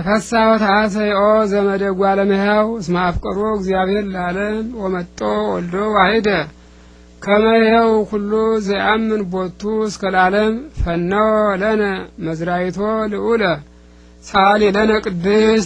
ተፈሳው ዘመደ ጓለ አለመያው እስመ አፍቅሮ እግዚአብሔር ለዓለም ወመጦ ወልዶ ዋሂደ ከመይኸው ሁሉ ዘያምን ቦቱ እስከ ለዓለም ፈነወ ለነ መዝራይቶ ልዑለ ሳሊ ለነ ቅድስት